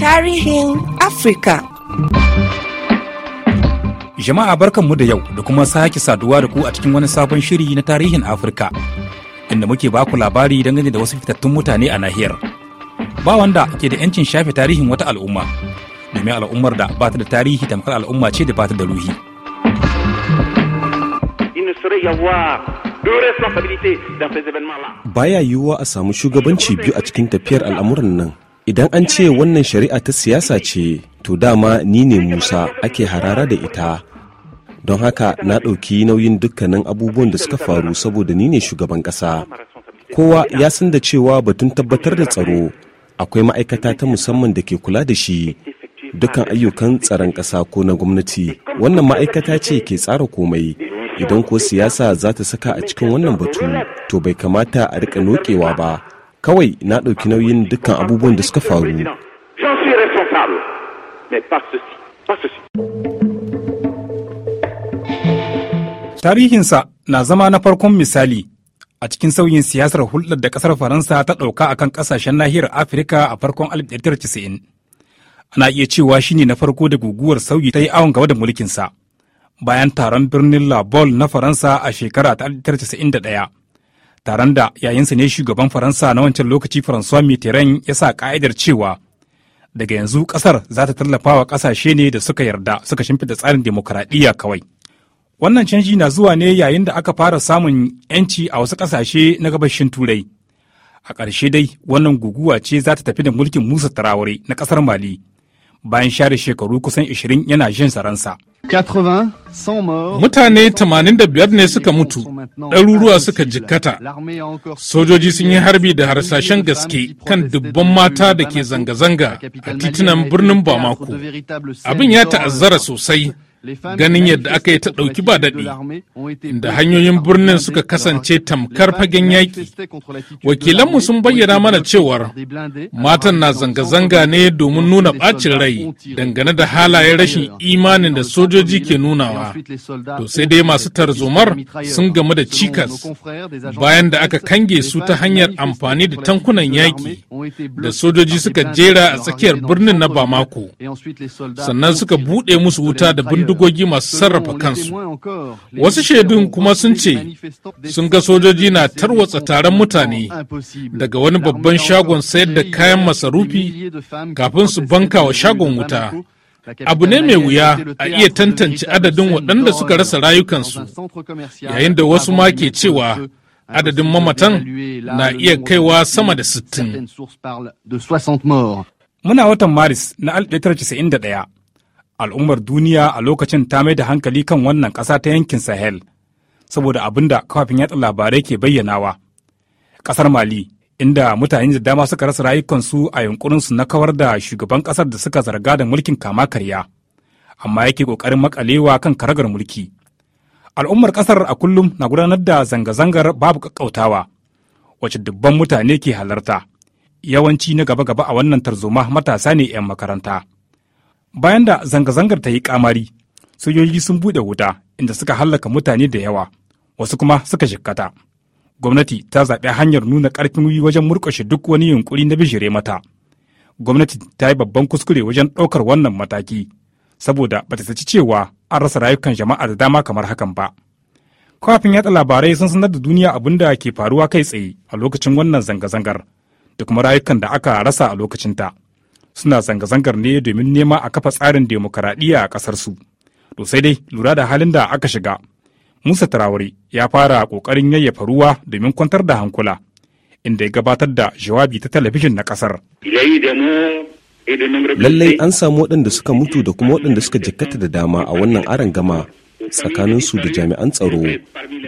Tarihin Afirka Jama'a barkanmu da yau da kuma sake saduwa da ku a cikin wani sabon shiri na tarihin Afirka inda muke baku labari dangane da wasu fitattun mutane a nahiyar. Ba wanda ke da 'yancin shafe tarihin wata al'umma, domin al'ummar da ba ta da tarihi tamkar al'umma ce da ba ta da ruhi. Baya yiwuwa a samu shugabanci biyu a cikin tafiyar al'amuran nan. idan an ce wannan shari'a ta siyasa ce to dama ni ne musa ake harara da ita don haka na ɗauki nauyin dukkanin abubuwan da suka faru saboda ni ne shugaban ƙasa kowa ya san da cewa batun tabbatar da tsaro akwai ma'aikata ta musamman da ke kula da shi dukkan ayyukan tsaron ƙasa ko na gwamnati wannan ma'aikata ce ke tsara komai idan ko siyasa za ta saka a cikin wannan batu to bai kamata a rika nokewa ba kawai na ɗauki nauyin dukkan abubuwan da suka faru tarihinsa na zama na farkon misali a cikin sauyin siyasar hulɗar da ƙasar faransa ta ɗauka a kan ƙasashen nahiyar afirka a farkon 1990 ana iya cewa shi ne na farko da guguwar sauyi ta yi awon gaba da mulkinsa bayan taron birnin labol na faransa a shekara ta 1991 taron da yayinsa ne shugaban faransa na wancan lokaci francois mitterrand ya sa ka'idar cewa daga yanzu kasar za ta tallafa wa kasashe ne da suka yarda suka shimfida tsarin demokaradiyya kawai wannan canji na zuwa ne yayin da aka fara samun yanci a wasu kasashe na gabashin turai a ƙarshe dai wannan guguwa ce za ta tafi da mulkin musa taraware na ƙasar mali bayan share shekaru kusan 20 yana jin saransa. Mutane 85 ne suka mutu, ɗaruruwa suka jikkata. Sojoji sun yi harbi da harsashen gaske kan dubban mata da ke zanga-zanga a titunan birnin Bamako. Abin ya ta'azzara sosai. ganin yadda aka yi ta ɗauki ba daɗi da hanyoyin birnin suka kasance tamkar fagen yaƙi wakilanmu sun bayyana mana cewar matan na zanga-zanga ne domin nuna ɓacin rai dangane da halayen rashin imanin da sojoji ke nunawa to sai dai masu tarzomar sun gamu da cikas bayan da aka kange su ta hanyar amfani da tankunan yaƙi da sojoji suka jera a tsakiyar birnin na Bamako, sannan suka buɗe musu wuta da bindigogi masu sarrafa kansu. Wasu shaidun kuma sun ce sun ga sojoji na tarwatsa taron mutane daga wani babban shagon sayar da kayan masarufi kafin su banka wa shagon wuta. abu ne mai wuya a iya tantance adadin waɗanda suka rasa rayukansu yayin da wasu ma ke cewa adadin mamatan na iya kaiwa sama da 60. Muna watan Maris na 1991, al'ummar duniya a lokacin ta mai da hankali kan wannan ƙasa ta yankin Sahel, saboda abin da kafin yatsa labarai ke bayyanawa. Ƙasar Mali, inda mutane da dama suka rasa rayukansu a yunkurinsu na kawar da shugaban ƙasar da suka zarga da mulkin kama karya, amma yake ƙoƙarin maƙalewa kan karagar mulki. al'ummar kasar a kullum na gudanar da zanga-zangar babu kakkautawa wacce dubban mutane ke halarta yawanci na gaba-gaba a wannan tarzoma matasa ne 'yan makaranta bayan da zanga-zangar ta yi kamari sojoji sun buɗe wuta inda suka hallaka mutane da yawa wasu kuma suka jikkata gwamnati ta zaɓi hanyar nuna ƙarfin gwiwa wajen murƙushe duk wani yunƙuri na bijire mata gwamnati ta yi babban kuskure wajen ɗaukar wannan mataki saboda bata ta ci cewa an rasa rayukan jama'a da dama kamar hakan ba. Kafin yatsa labarai sun sanar da duniya abin da ke faruwa kai tsaye a lokacin wannan zanga-zangar da kuma rayukan da aka rasa a lokacinta. Suna zanga-zangar ne domin nema a kafa tsarin demokaraɗiyya a ƙasarsu. To sai dai lura da halin da aka shiga. Musa taraware ya fara ƙoƙarin yayyafa ruwa domin kwantar da hankula, inda ya gabatar da jawabi ta talabijin na ƙasar. Lallai an samu waɗanda suka mutu da kuma waɗanda suka jikkata da dama a wannan aron gama tsakanin su da jami'an tsaro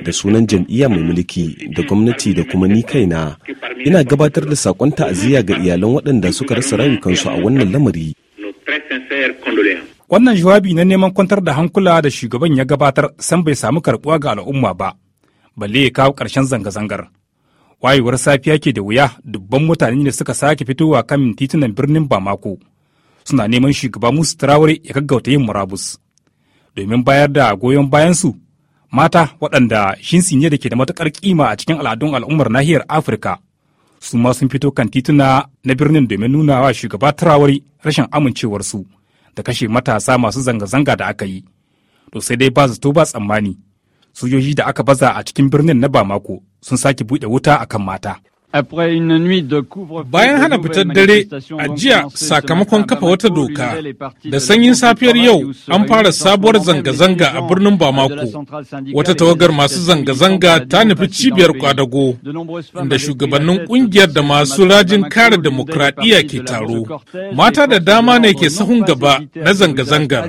da sunan jam'iyya mai mulki da gwamnati da kuma ni kaina ina gabatar da sakon ta'aziyya ga iyalan waɗanda suka rasa rayukansu a wannan lamari wannan jawabi na neman kwantar da hankula da shugaban ya gabatar san bai samu karɓuwa ga al'umma ba balle ya kawo ƙarshen zanga-zangar wayewar safiya ke da wuya dubban mutane ne suka sake fitowa kan titunan birnin bamako suna neman shugaba musu traore ya gaggauta yin murabus domin bayar da goyon bayansu mata waɗanda shin ne da ke da matuƙar kima a cikin al'adun al'ummar nahiyar afirka su ma sun fito kan tituna na birnin domin nuna wa shugaba traore rashin amincewar su da kashe matasa masu zanga-zanga da aka yi to sai dai ba zato ba tsammani sojoji da aka baza a cikin birnin na bamako sun sake buɗe wuta akan mata. Bayan hana fitar dare a jiya sakamakon kafa wata doka da sanyin safiyar yau an fara sabuwar zanga-zanga a birnin Bamako. Wata tawagar masu zanga-zanga ta nufi cibiyar kwadago inda shugabannin kungiyar da masu rajin kare demokradiyya ke taro. Mata da dama ne ke sahun gaba na zanga-zangar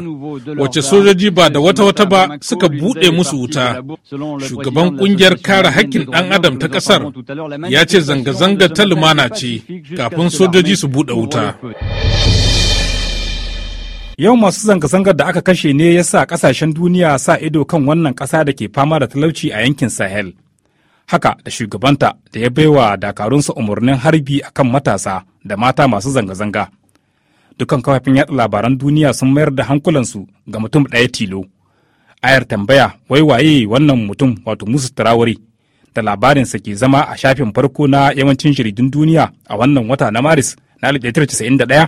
wacce sojoji ba da wata-wata ba suka buɗe musu wuta. Shugaban kungiyar kare haƙƙin ɗan adam ta ƙasar ya ce zanga zanga ta lumana ce kafin sojoji su buɗe wuta. Yau masu zanga-zangar da aka kashe ne ya sa ƙasashen duniya sa ido kan wannan ƙasa da ke fama da talauci a yankin Sahel. Haka da shugabanta da ya baiwa dakarunsa umarnin harbi a kan matasa da mata masu zanga-zanga. Dukan kafafin yaɗa labaran duniya sun mayar da hankulansu ga mutum ɗaya tilo. Ayar tambaya wai waye wannan mutum wato musa Turawari da labarinsa ke zama a shafin farko na yawancin jaridun duniya a wannan wata na maris na 1991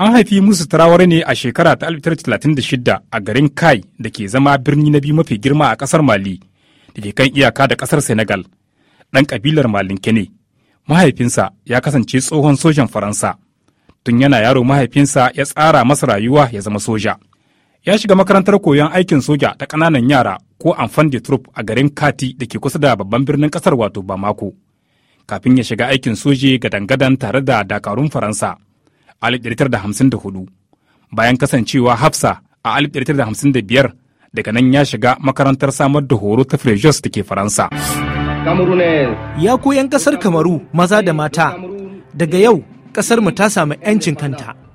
an haifi musu tarawar ne a shekara ta 1936 a garin kai da ke zama birni na biyu mafi girma a kasar mali da ke kan iyaka da kasar senegal ɗan ƙabilar malinke ne mahaifinsa ya kasance tsohon sojan faransa tun yana yaro mahaifinsa ya tsara masa rayuwa ya zama soja ya shiga makarantar koyon aikin soja ta ƙananan yara ko amfan de a garin kati da ke kusa da babban birnin ƙasar wato bamako kafin ya shiga aikin soja ga dangadan tare da dakarun faransa a 1954 bayan kasancewa hafsa a 1955 daga nan ya shiga makarantar samar da horo ta frejus da ke faransa ya koyan kasar kamaru maza da mata daga yau kasar mu ta samu 'yancin kanta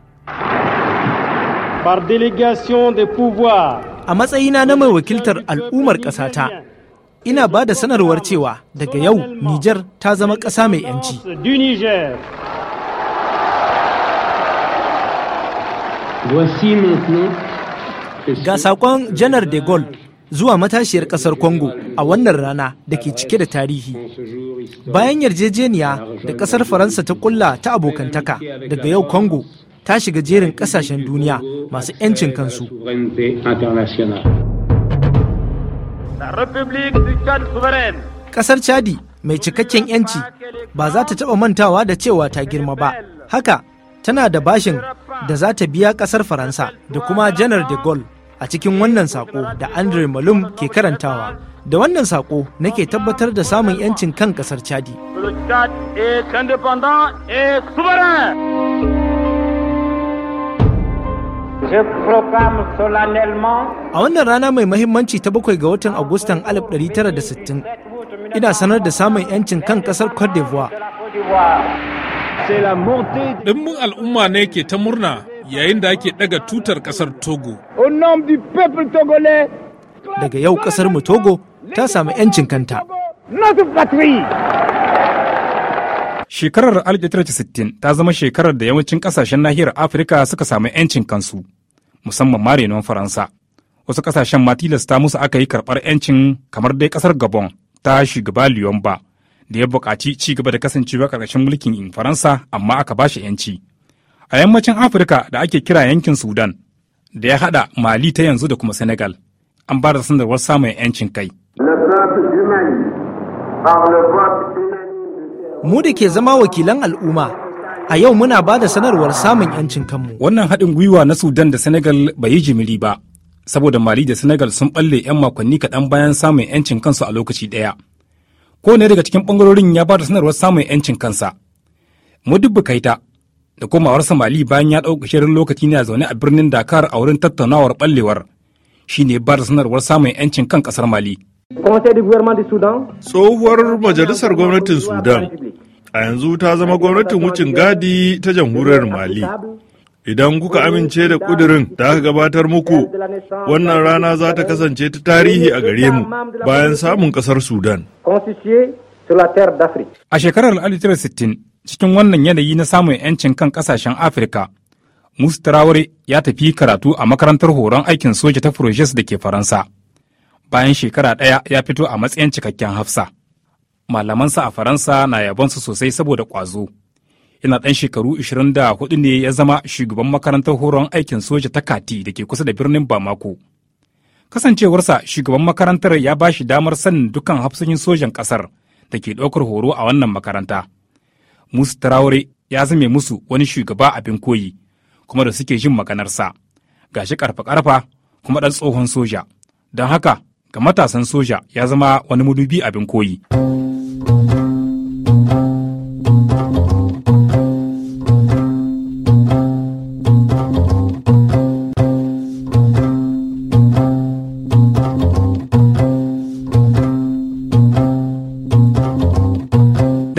A matsayina na mai wakiltar al'ummar ƙasata, ina ba da sanarwar cewa daga yau Nijar ta zama ƙasa mai ‘yanci. Ga saƙon Janar de Gaulle zuwa matashiyar ƙasar Congo a wannan rana da ke cike da tarihi. Bayan yarjejeniya da ƙasar Faransa ta ƙulla ta abokantaka daga yau Congo ta shiga jerin kasashen duniya masu 'yancin kansu. Kasar Chadi mai cikakken 'yanci ba za ta taɓa mantawa da cewa ta girma ba. Haka tana da bashin da za ta biya kasar Faransa da kuma Janar de Gaulle a cikin wannan sako da Andre Malum ke karantawa. Da wannan sako nake tabbatar da samun 'yancin kan kasar Chadi. A wannan rana mai mahimmanci ta bakwai ga watan Agustan 1960, ina sanar da samun 'yancin kan ƙasar Cote d'Ivoire. Ɗimbin al'umma ne ke ta murna yayin da ake ɗaga tutar ƙasar Togo. Daga yau ƙasar mu Togo ta samu 'yancin kanta. Shekarar 1960 ta zama shekarar da yawancin ƙasashen nahiyar Afirka suka samu 'yancin kansu. musamman ma renon faransa wasu kasashen ma tilasta musu aka yi karɓar 'yancin kamar dai ƙasar gabon ta shugaba lyon ba da ya buƙaci ci gaba da kasancewa ƙarƙashin mulkin in faransa amma aka ba shi 'yanci a yammacin afirka da ake kira yankin sudan da ya haɗa mali ta yanzu da kuma senegal an ba da wasu samun 'yancin kai mu da ke zama wakilan al'umma a yau muna ba da sanarwar samun 'yancin kanmu. Wannan haɗin gwiwa na Sudan da Senegal bai yi jimiri ba, saboda Mali da Senegal sun ɓalle 'yan makonni kaɗan bayan samun 'yancin kansu a lokaci ɗaya. Kowane daga cikin ɓangarorin ya ba da sanarwar samun 'yancin kansa. kai Kaita da komawarsa Mali bayan ya ɗauka shirin lokaci ne zaune a birnin Dakar a wurin tattaunawar ɓallewar shi ne ba da sanarwar samun 'yancin kan ƙasar Mali. Tsohuwar majalisar gwamnatin Sudan a yanzu ta zama gwamnatin wucin gadi ta jamhuriyar mali idan kuka amince da kudirin da aka gabatar muku wannan rana za ta kasance ta tarihi a gare mu bayan samun kasar sudan a shekarar 1960 cikin wannan yanayi na samun 'yancin kan kasashen afirka musu traore ya tafi karatu a makarantar horon aikin soja ta da ke faransa bayan shekara ɗaya ya fito a matsayin cikakken hafsa malamansa a faransa na yabonsa sosai saboda ƙwazo yana ɗan shekaru 24 ne ya zama shugaban makarantar horon aikin soja ta kati da ke kusa da birnin bamako kasancewarsa shugaban makarantar ya ba shi damar sanin dukkan hafsoshin sojan ƙasar da ke ɗaukar horo a wannan makaranta musu traore ya zame musu wani shugaba abin koyi kuma da suke jin maganarsa gashi karfa-karfa kuma ɗan tsohon soja don haka ga matasan soja ya zama wani mudubi abin koyi.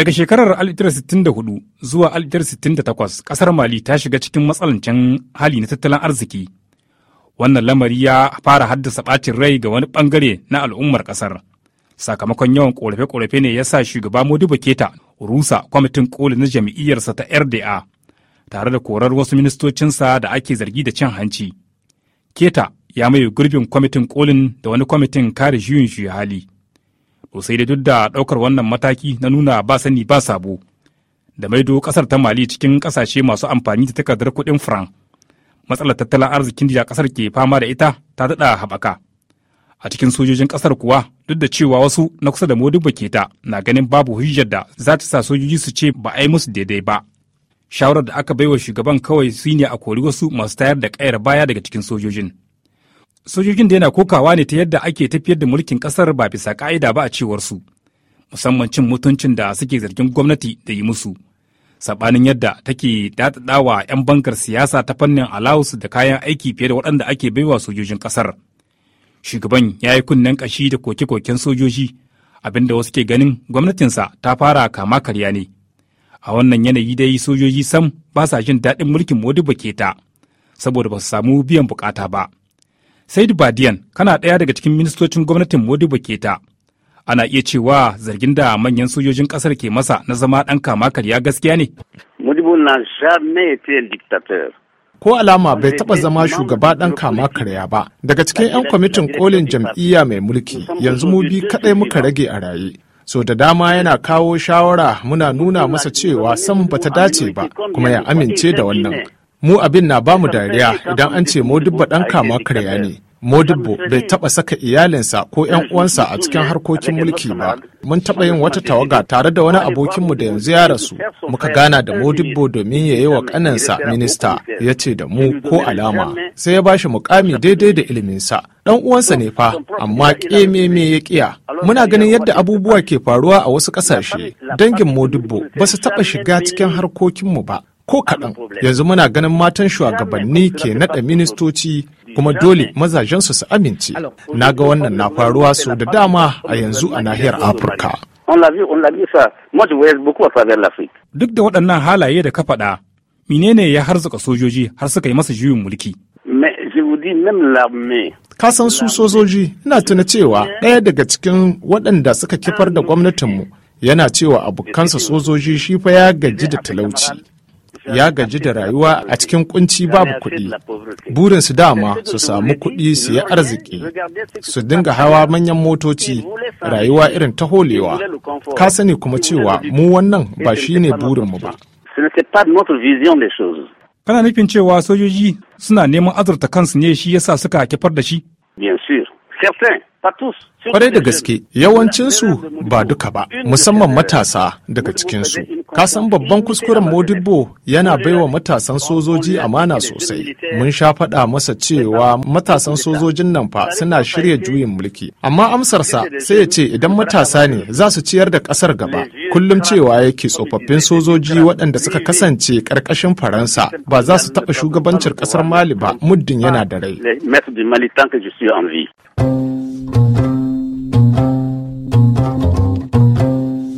Daga shekarar 1964 zuwa 1968 kasar Mali ta shiga cikin matsalancin hali na tattalin arziki. Wannan lamari ya fara haddasa ɓacin rai ga wani bangare na al'ummar kasar Sakamakon yawan ƙorafe-ƙorafe ne ya sa shugaba Modibo Keta rusa kwamitin koli na jam'iyyarsa ta RDA tare da korar wasu ministocinsa da ake zargi da cin hanci. Keta ya maye gurbin kwamitin kolin da wani kwamitin kare juyin juya hali. to sai dai duk da ɗaukar wannan mataki na nuna ba sani ba sabo da maido ƙasar ta mali cikin ƙasashe masu amfani da takardar kuɗin franc matsalar tattalin arzikin da ƙasar ke fama da ita ta daɗa haɓaka a cikin sojojin ƙasar kuwa duk da cewa wasu na kusa da ke ta na ganin babu hujjar da za ta sa sojoji su ce ba a yi musu daidai ba shawarar da aka baiwa shugaban kawai su ne a kori wasu masu tayar da ƙayar baya daga cikin sojojin sojojin da yana kokawa ne ta yadda ake tafiyar da mulkin kasar ba bisa ka'ida ba a cewar su musamman cin mutuncin da suke zargin gwamnati da yi musu sabanin yadda take datadawa 'yan bankar siyasa ta fannin alawus da kayan aiki fiye da waɗanda ake baiwa sojojin kasar shugaban ya yi kunnen kashi da koke-koken sojoji abinda wasu ke ganin gwamnatinsa ta fara kama karya ne a wannan yanayi dai sojoji sam ba sa jin daɗin mulkin modibo keta saboda ba su samu biyan bukata ba Said Badiyan kana ɗaya daga cikin ministocin gwamnatin Modibo Keta. Ana iya cewa zargin da manyan sojojin ƙasar ke masa na zama ɗan kama karya gaskiya ne. Modibo na ko alama bai taɓa zama shugaba ɗan kama karya ba daga cikin 'yan kwamitin kolin jam'iyya mai mulki yanzu mu bi kaɗai muka rage a raye so da dama yana kawo shawara muna nuna masa cewa san bata dace ba kuma ya amince da wannan mu abin na bamu dariya idan an ce modibba ɗan kama karya ne modibbo bai taɓa saka iyalinsa ko 'yan uwansa a cikin harkokin mulki ba mun taɓa yin wata tawaga tare da wani abokinmu da yanzu ya rasu muka gana da modibbo domin ya yi wa ƙaninsa minista ya ce da mu ko alama sai ya bashi mukami daidai da iliminsa dan uwansa ne fa amma kememe ya kiya muna ganin yadda abubuwa ke faruwa a wasu ƙasashe dangin modibbo ba su taɓa shiga cikin harkokinmu ba ko kaɗan yanzu muna ganin matan shugabanni ke naɗa ministoci kuma dole mazajensu su amince na ga wannan na faruwa sau da dama a yanzu a nahiyar afirka duk da waɗannan halaye da ka faɗa menene ya harzuka sojoji har suka yi masa juyin mulki Ka san su sojoji Ina tuna cewa ɗaya daga cikin waɗanda suka kifar da gwamnatinmu yana cewa abokansa sojoji shi fa ya gaji da talauci ya gaji da rayuwa a cikin kunci babu kuɗi. Burinsu dama su samu kuɗi su yi arziki, su dinga hawa manyan motoci, rayuwa irin ta holewa. Ka sani kuma cewa mu wannan ba shi ne burinmu ba. Kana nufin cewa sojoji suna neman azurta kansu ne shi yasa suka haifar da shi? kwarai da gaske yawancinsu ba duka ba, musamman matasa daga cikinsu. Kasan babban kuskuren Modibo yana baiwa matasan sojoji amana sosai. Mun sha faɗa masa cewa matasan sojojin nan fa suna shirya juyin mulki. Amma amsarsa sai ya ce idan matasa ne za su ciyar da ƙasar gaba, kullum cewa yake tsofaffin sojoji waɗanda suka kasance ƙarƙashin Faransa ba za su taɓa shugabancin ƙasar Mali ba muddin yana da rai.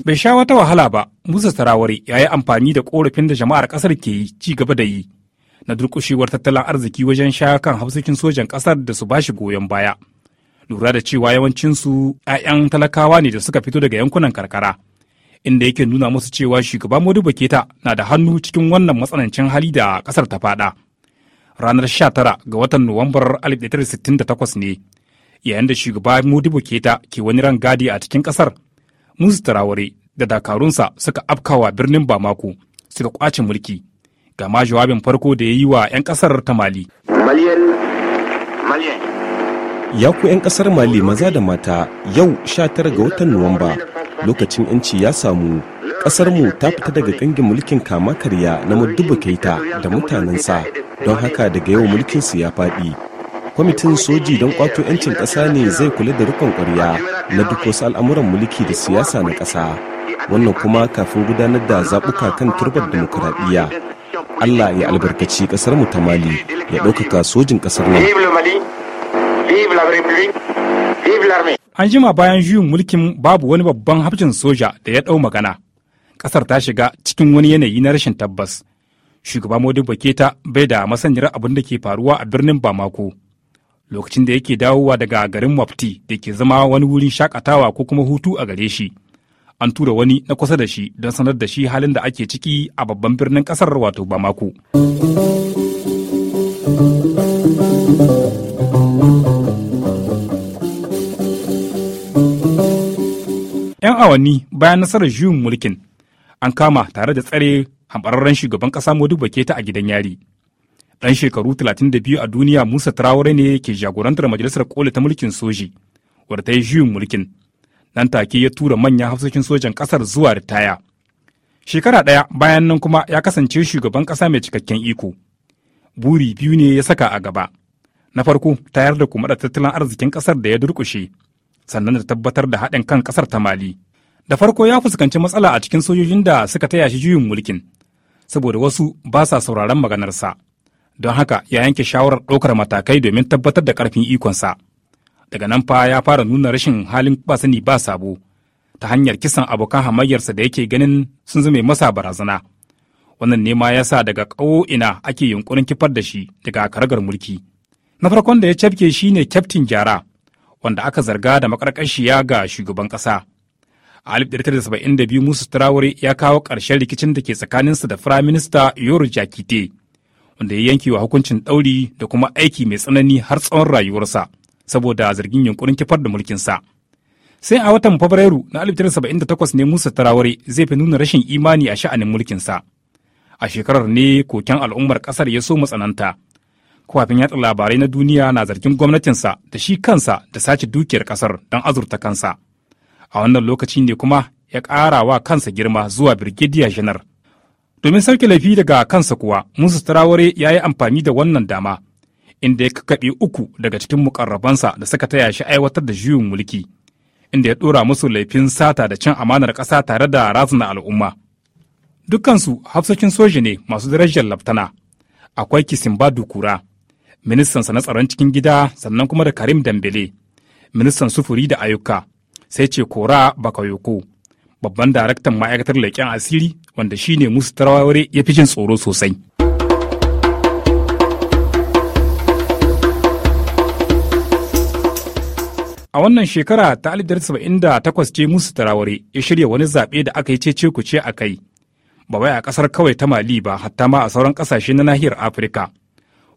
Bai sha wata wahala ba, Musa Sarawari ya yi amfani da ƙorafin da jama'ar ƙasar ke ci gaba da yi na durƙushewar tattalin arziki wajen sha kan hafsikin sojan ƙasar da su ba shi goyon baya. Lura da cewa yawancinsu 'ya'yan talakawa ne da suka fito daga yankunan karkara. inda yake nuna musu cewa shugaba Modibo Keta na da hannu cikin wannan matsanancin hali da kasar ta fada. Ranar 19 ga watan Nuwambar 1968 ne, yayin da shugaba Modibo Keta ke wani ran gadi a cikin kasar, Musu Taraware da dakarunsa suka afkawa birnin Bamako suka kwace mulki. Gama jawabin farko da ya yi wa 'yan kasar ta Mali. Ya ku 'yan kasar Mali maza da mata yau 19 ga watan Nuwamba. lokacin 'yanci ya samu ƙasarmu ta fita daga ƙangin mulkin kama karya na Modibo Keita da mutanensa don haka daga yau mulkinsu ya faɗi. Kwamitin soji don ƙwato 'yancin ƙasa ne zai kula da rikon ƙwarya na duk wasu al'amuran mulki da siyasa na ƙasa. Wannan kuma kafin gudanar da zaɓuka kan turbar demokuraɗiyya Allah ya albarkaci ƙasarmu ta Mali ya ɗaukaka sojin ƙasar nan. An jima bayan juyin mulkin babu wani babban hafcin soja da ya ɗau magana. Ƙasar ta shiga cikin wani yanayi na rashin tabbas. Shugaba Modibo Baketa bai da masanyar abin da ke faruwa a birnin Bamako. Lokacin da yake dawowa daga garin Mafti da ke zama wani wurin shakatawa ko kuma hutu a gare shi. An tura wani na kusa da shi don sanar da shi halin da ake ciki a babban birnin ƙasar wato Bamako. 'yan awanni bayan nasarar juyin mulkin an kama tare da tsare hambararren shugaban ƙasa Modibo Keta a gidan yari. dan shekaru 32 a duniya Musa Traore ne ke jagorantar majalisar koli ta mulkin soji, wadda ta yi juyin mulkin. Nan take ya tura manyan hafsoshin sojan ƙasar zuwa ritaya. Shekara ɗaya bayan nan kuma ya kasance shugaban ƙasa mai cikakken iko. Buri biyu ne ya saka a gaba. Na farko tayar da kuma da tattalin arzikin ƙasar da ya durƙushe, sannan da tabbatar da haɗin kan ƙasar ta Mali. Da farko ya fuskanci matsala a cikin sojojin da suka taya shi juyin mulkin, saboda wasu ba sa sauraron maganarsa. Don haka ya yanke shawarar ɗaukar matakai domin tabbatar da ƙarfin ikonsa. Daga nan fa ya fara nuna rashin halin ba sani ba sabo ta hanyar kisan abokan hamayyarsa da yake ganin sun zame masa barazana. Wannan nema ya sa daga ina ake yunkurin kifar da shi daga karagar mulki. Na farkon da ya cafke shi ne kyaftin jara, wanda aka zarga da makarƙashiya ga shugaban ƙasa. A 1972 Musa Traore ya kawo ƙarshen rikicin da ke tsakaninsa da Firaminista Yoru Jakite, wanda ya yanke wa hukuncin ɗauri da kuma aiki mai tsanani har tsawon rayuwarsa saboda zargin yunkurin kifar da mulkinsa. Sai a watan Fabrairu na 1978 ne Musa Traore zai fi nuna rashin imani a sha'anin mulkinsa. A shekarar ne koken al'ummar ƙasar ya so matsananta. kafafin yatsa labarai na duniya na zargin gwamnatinsa da shi kansa da sace dukiyar ƙasar don azurta kansa. a wannan lokaci ne kuma ya ƙara wa kansa girma zuwa birgidiya janar domin sarki laifi daga kansa kuwa musu turaware ya yi amfani da wannan dama inda ya kakaɓe uku daga cikin mukarrabansa da suka taya shi aiwatar da juyin mulki inda ya ɗora musu laifin sata da cin amanar ƙasa tare da razana al'umma dukkansu hafsoshin soja ne masu darajar laftana akwai kisimba dukura ministansa na tsaron cikin gida sannan kuma da karim dambele ministan sufuri da ayyuka sai ce kora bakayoko babban daraktan ma'aikatar leƙen asiri wanda shi ne musu taraware ya fi jin tsoro sosai a wannan shekara ta 1978 ce musu taraware ya shirya wani zaɓe da aka yi cece ku ce a kai ba wai a ƙasar kawai ta mali ba hatta ma a sauran ƙasashe na nahiyar afirka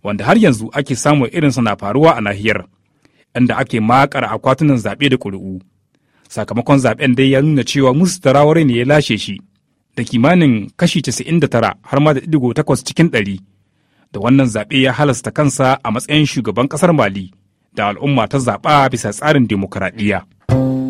wanda har yanzu ake samun irinsa na faruwa a nahiyar inda ake makar akwatunan zaɓe da ƙuri'u sakamakon zaben dai ya nuna cewa musu taraware ne ya lashe shi da kimanin kashi 99 har ma da digo takwas cikin ɗari da wannan zaɓe ya halasta kansa a matsayin shugaban ƙasar mali da al'umma ta zaɓa bisa tsarin dimokuraɗiyya.